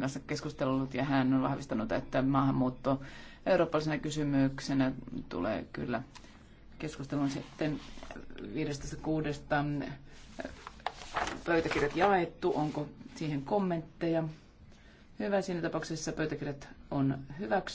kanssa keskustellut ja hän on vahvistanut, että maahanmuutto eurooppalaisena kysymyksenä tulee kyllä keskustelun sitten 15.6. pöytäkirjat jaettu, onko siihen kommentteja. Hyvä, siinä tapauksessa pöytäkirjat on hyväksytty.